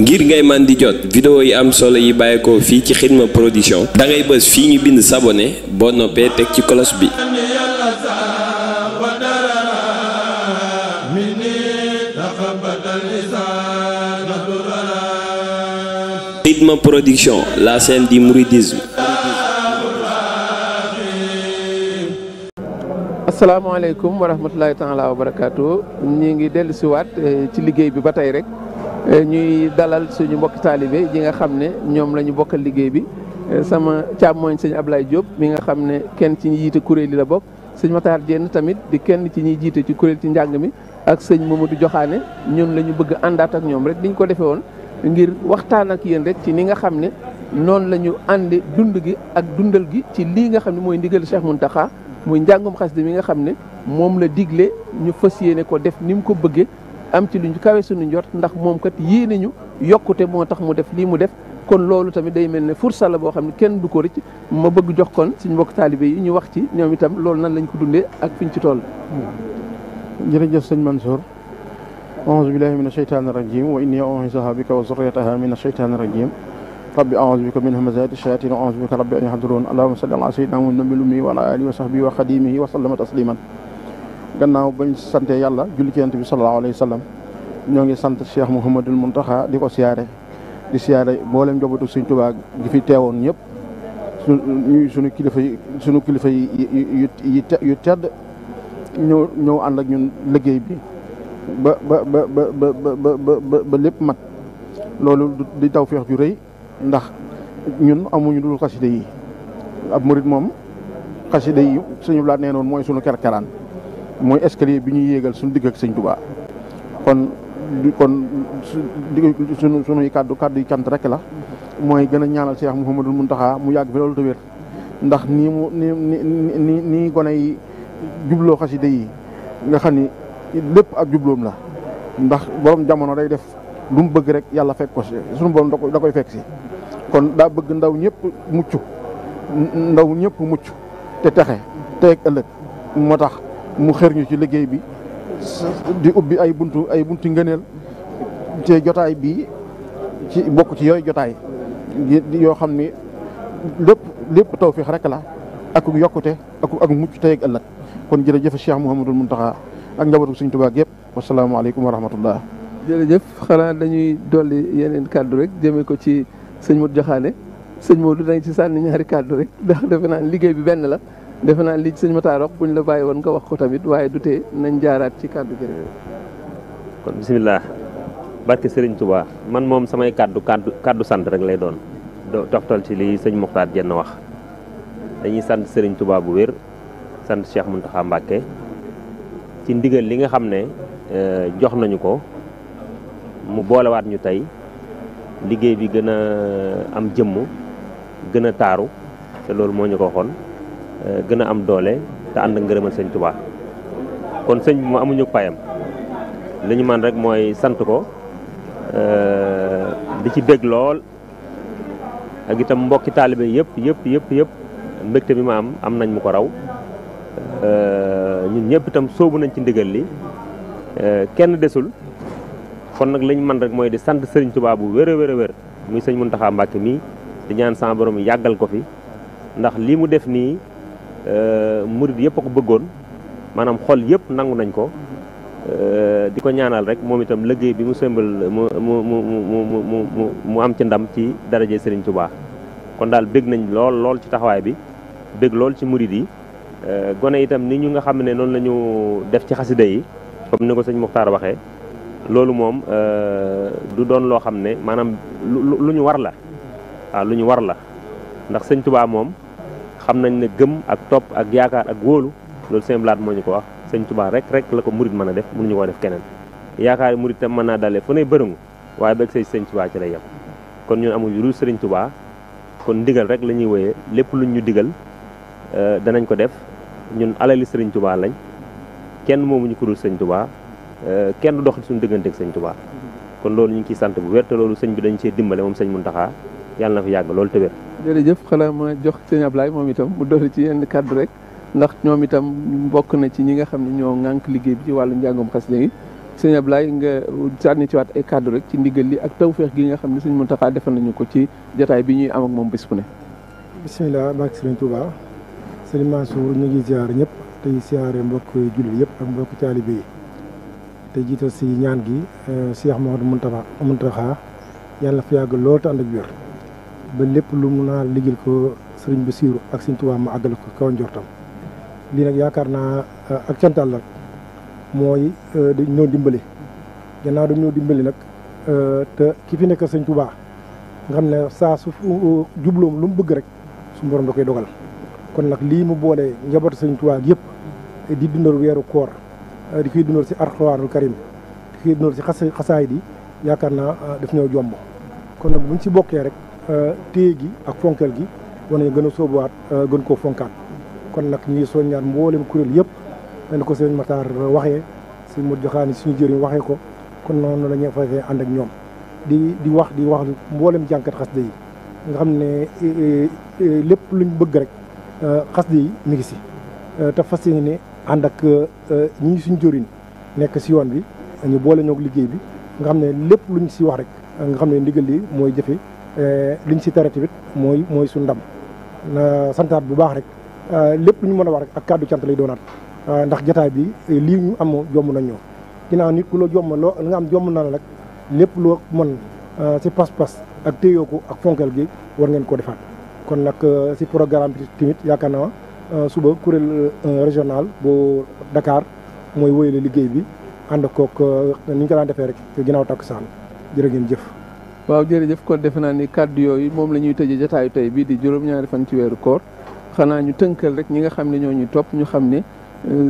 ngir ngay man di jot vidéo yi am solo yi bàyyeekoo fii ci Xidma production dangay ngay fii ñu bind s'abonner boo noppee teg ci cloche bi Xidma production la chaîne du mouridisme asalaamaaleykum wa rahmatulahi taala wa barakaatu ñii ngi dellu si waat eh, ci liggéey bi ba tey rek eh, ñuy dalal suñu mbokki taalibe yi nga xam ne ñoom la ñu bokkal liggéey bi eh, sama càmmooñ sëñ Ablaye Diop mi nga xam ne kenn ci ñi jiite kuréel yi la bokk sëñ ma Matar Diène tamit di kenn ci ñuy jiite ci kuréel ci njàng mi ak sëñ du Joxaane ñun la ñu bëgg àndaat ak ñoom rek diñ ko defee woon ngir waxtaan ak yéen rek ci ni nga xam ne noonu la ñu ànde dund gi ak dundal gi ci lii nga xam ne mooy ndigal Cheikh Mountakha muy njàngum xasida mi nga xam ne moom la digle ñu fas yéene ko def ni mu ko bëggee am ci lu ñu kawe suñu njort ndax moom kat yéene ñu yokkute moo tax mu def lii mu def kon loolu tamit day mel ne fursa la boo xam ne kenn du ko rëcc ma bëgg jox kon suñu mbokk taalibe yi ñu wax ci ñoom itam loolu nan lañ ko dundee ak fiñ ci toll. jërëjëf sëñ Mansour auzu billahi min asheytaani rajim wa inni u'iizuha bika wa zurriyataha min asheytaani rajim rabbi a'uuzu bika min hamazaati shayaatiin wa a'uuzu bika rabbi an yahduruun allahumma salli ala sayyidina muhammadin ummi wa ala aalihi wa sahbihi wa xadiimihi wa sallama tasliiman gannaaw bañ sante yàlla julli ci yonent bi sallallahu alayhi wa sallam ñoo ngi sant Cheikh Mouhamadul Mountakha di ko siyaare di siyaare mboolem njabootu Sëriñ Tuubaa gi fi teewoon ñëpp ñuy sunu kilifa yi sunu kilifa yi yu tedd ñëw ñëw ànd ak ñun liggéey bi ba ba ba ba ba ba ba lépp mat loolu di tawfeex ju rëy ndax ñun amuñu dul xasida yi ab murit moom xasida yi suñu laat nee noon mooy suñu kerkeraan mooy escalier bi ñuy yéegal suñu digg ak sëñ Tuubaa kon kon suñu suñuy kàddu kàddu yi cant rek la mooy gën a ñaanal Cheikh Mouhamadul Mountakha mu yàgg fi loolu te ndax nii mu ni ni nii gone yi jubloo xasida yi nga xam ni lépp ak jubloom la ndax borom jamono day def Lum mu bëgg rek yalla fekk ko suñu borom da koy fekk ci kon da bëgg ndaw ñepp muccu ndaw ñepp muccu te taxé teeg ak ëlëk motax mu xërñu ci liggéey bi di ubbi ay buntu ay buntu ngeenel ci jotaay bi ci bokku ci yoy jotaay yo xamni lepp lepp tawfiq rek la ak yokute ak ak mucc ak ëlëk kon jëf Cheikh Mouhamadul muntaha ak seigne touba gep yëpp alaykum wa rahmatullah jërëjëf xanaa dañuy dolli yeneen kàddu rek jëmee ko ci sëñ Modou Diakhané sëñ Modou dañ ci sànni ñaari kàddu rek ndax defe naa liggéey bi benn la defe naa li sëñ Matar rok buñ la bàyyi woon nga wax ko tamit waaye du tee nañ jaaraat ci kàddu gi kon bisimilah barke Serigne Touba man moom samay kàddu kàddu kàddu sant rek lay doon toftal ci li sëñ Mokhtar jenn wax dañuy sant Serigne Touba bu wér sant Cheikh Mountakha Mbacké ci ndigal li nga xam ne euh, jox nañu ko mu boolewaat ñu tey liggéey bi gën a am jëmm gën a taaru te loolu moo ñu ko waxoon euh, gën a am doole te ànd ak ngërëmal sëñ Tuubaa kon sëñ bi mu amuñu payam li ñu man rek mooy sant ko euh, di ci bég lool ak itam mbokki taalibe yëpp yëpp yëpp yëpp mbégte bi ma am am nañ mu ko raw euh, ñun ñëpp itam soobu nañ ci ndigal li kenn desul kon nag lañu man rek mooy di sant sëriñ Tuubaa bu wér a wér a wér muy sëñ Muntaxa Mbàkke mii di ñaan sama borom yàggal ko fi ndax lii mu def nii euh, murid yëpp a ko bëggoon maanaam xol yëpp nangu nañ ko euh, di ko ñaanal rek moom itam liggéey bi mu sëmbal mu mu mu mu mu am ci ndam ci daraje sëriñ Tuubaa kon daal bég nañ lool lool ci taxawaay bi bég lool ci murid yi euh, gone itam ni ñu nga xam ne noonu la ñu def ci xasida yi comme ni ko sëñ Muxtaar waxee loolu moom euh, du doon loo xam ne maanaam lu ñu war la waaw ah, lu ñu war la ndax sëñ tubaa moom xam nañ ne gëm ak topp ak yaakaar ak wóolu loolu seen laat moo ñu ko wax sëñ tubaa rek la ko murit mën a def mun mënuñu ko def keneen yaakaar murit tam mën naa dalee fu ne bërëngu waaye bëgg say sëñ tubaa ci lay yem kon ñun amul lu sëriñ tubaa kon ndigal rek lañuy ñuy wooyee lépp luñ ñu digal euh, danañ ko def ñun alali sëriñ tubaa lañ kenn moomuñu ko dul sëñ tubaa Eh, kenn du sun deugante digganteeg sëñ Touba kon loolu ñu ngi ciy sant bu wette te seigne bi dañ ci dimbalé mom seigne muntaha yalla na fi yàgg loolu te jere jeuf xala ma jox seigne Ablaye mom itam mu doori ci yenn cadre rek ndax ñom itam bokk na ci ñi nga xamni ñoo ngank liggey bi ci walu njàngum xas léegi seigne Ablaye nga sanni ci wat ay cadre rek ci ndigal li ak tawfiq gi nga xamni seigne muntaha defal nañu ko ci jotaay bi ñuy am ak mom bis bu ne bismillah bak seigne Touba seigne Mansour ñu ngi ziar ñep tay ziaré mbokk julli yëpp ak mbokk talibé te jiital si ñaan gi eh, Cheikh Mouhamadou Mountakha muntaha yalla fi yag lo ta ndak ak ba lepp lu mu na liggéeyal ko serigne Bassirou ak serigne Touba ma agal ko kaw ndortam li nak yakarna eh, ak cantal la moy eh, dañ ñoo dimbali gannaaw dañ ñoo dimbali nak te ki fi nek serigne Touba nga xamne sa su djublom lu mu bëgg rek su borom da koy dogal kon nak li mu boole njabot serigne Touba yépp di dundal weeru koor di koy dundal si alxuraanul karim di koy dundal si xas xasaay di yaakaar naa ah, daf ñëw jomb kon nag buñ si bokkee rek ah, téye gi ak fonkeel gi war nañu gën a sóobuwaat ah, gën koo fonkaat kon nag ñuy soññaat mboolem kuréel yëpp mel ko sëñ Matar waxee si mu Modou Joxaani suñu jëriñ waxee ko kon noonu la ñuy fafee ànd ak ñoom di di wax di wax mboolem jànkat xasida yi nga xam ne eh, eh, eh, lépp luñ bëgg rek xasida yi mi ngi si te fas yéene ne ànd ak euh, ñii suñ jëriñ nekk si yoon bi ñu boole ñoog liggéey bi nga xam ne lépp lu luñ si wax rek nga xam ne ndigal li mooy jëfe euh, liñ si tere tamit mooy mooy suñ ndam na santaat bu baax rek euh, lépp lu ñu mën a wax rek ak kàddu cant lay doonaat ndax jataay bi lii ñu am jomm nañ ñoo ginnaaw nit ku la jomm loo nga am jomm na la rek lépp loo mën si pas-pas ak téyoo ko ak fonkeel gi war ngeen koo defaat kon nag si programme bi tamit yaakaar naa Euh, suba kuréel euh, régional bu Dakar mooy wóyale liggéey bi ànd kook euh, ni nga lan daan rek ginnaaw takkusaan jërë ngeen jëf. waaw jërëjëf ko def na ni kàddu yoy mom lañuy ñuy jotaay tay bi di juroom ñaari fan ci weeru koor xana ñu teunkel rek ñi nga xamni ñoo ñu top ñu xamni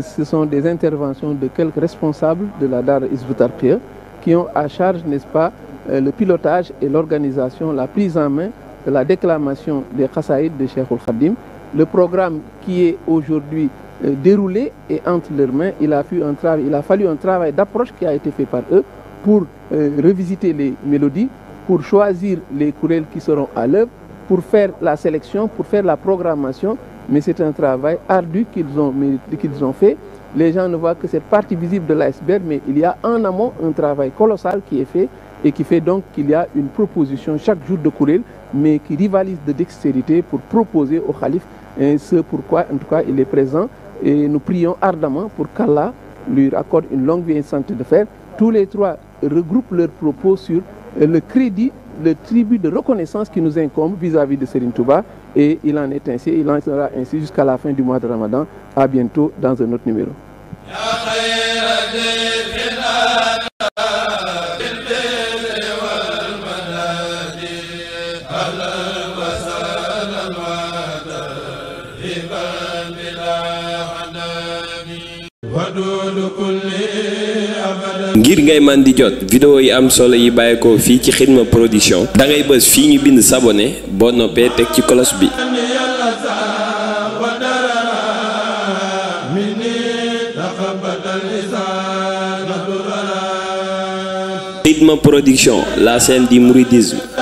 ce sont des interventions de quelques responsables de la Dar Hizbut Pierre, qui ont à charge n'est-ce pas le pilotage et l'organisation la prise en main de la déclamation des xasaïd de Cheikhoul Khadim le programme qui est aujourd'hui euh, déroulé est entre leurs mains. Il a, un il a fallu un travail d'approche qui a été fait par eux pour euh, revisiter les mélodies, pour choisir les courelles qui seront à l'œuvre, pour faire la sélection, pour faire la programmation. Mais c'est un travail ardu qu'ils ont, qu'ils ont fait. Les gens ne voient que cette partie visible de l'iceberg, mais il y a en amont un travail colossal qui est fait et qui fait donc qu'il y a une proposition chaque jour de courriel, mais qui rivalise de dextérité pour proposer au calife ce pourquoi en tout cas il est présent et nous prions ardemment pour qu'Allah lui accorde une longue vie et une santé de fer. Tous les trois regroupent leurs propos sur le crédit, le tribut de reconnaissance qui nous incombe vis-à-vis de Serine Touba et il en est ainsi, il en sera ainsi jusqu'à la fin du mois de Ramadan. À bientôt dans un autre numéro. ngir ngay man vidéo yi am solo yi ci Xidma production da ngay fi ñu bind sabonné production la scène du mouridisme.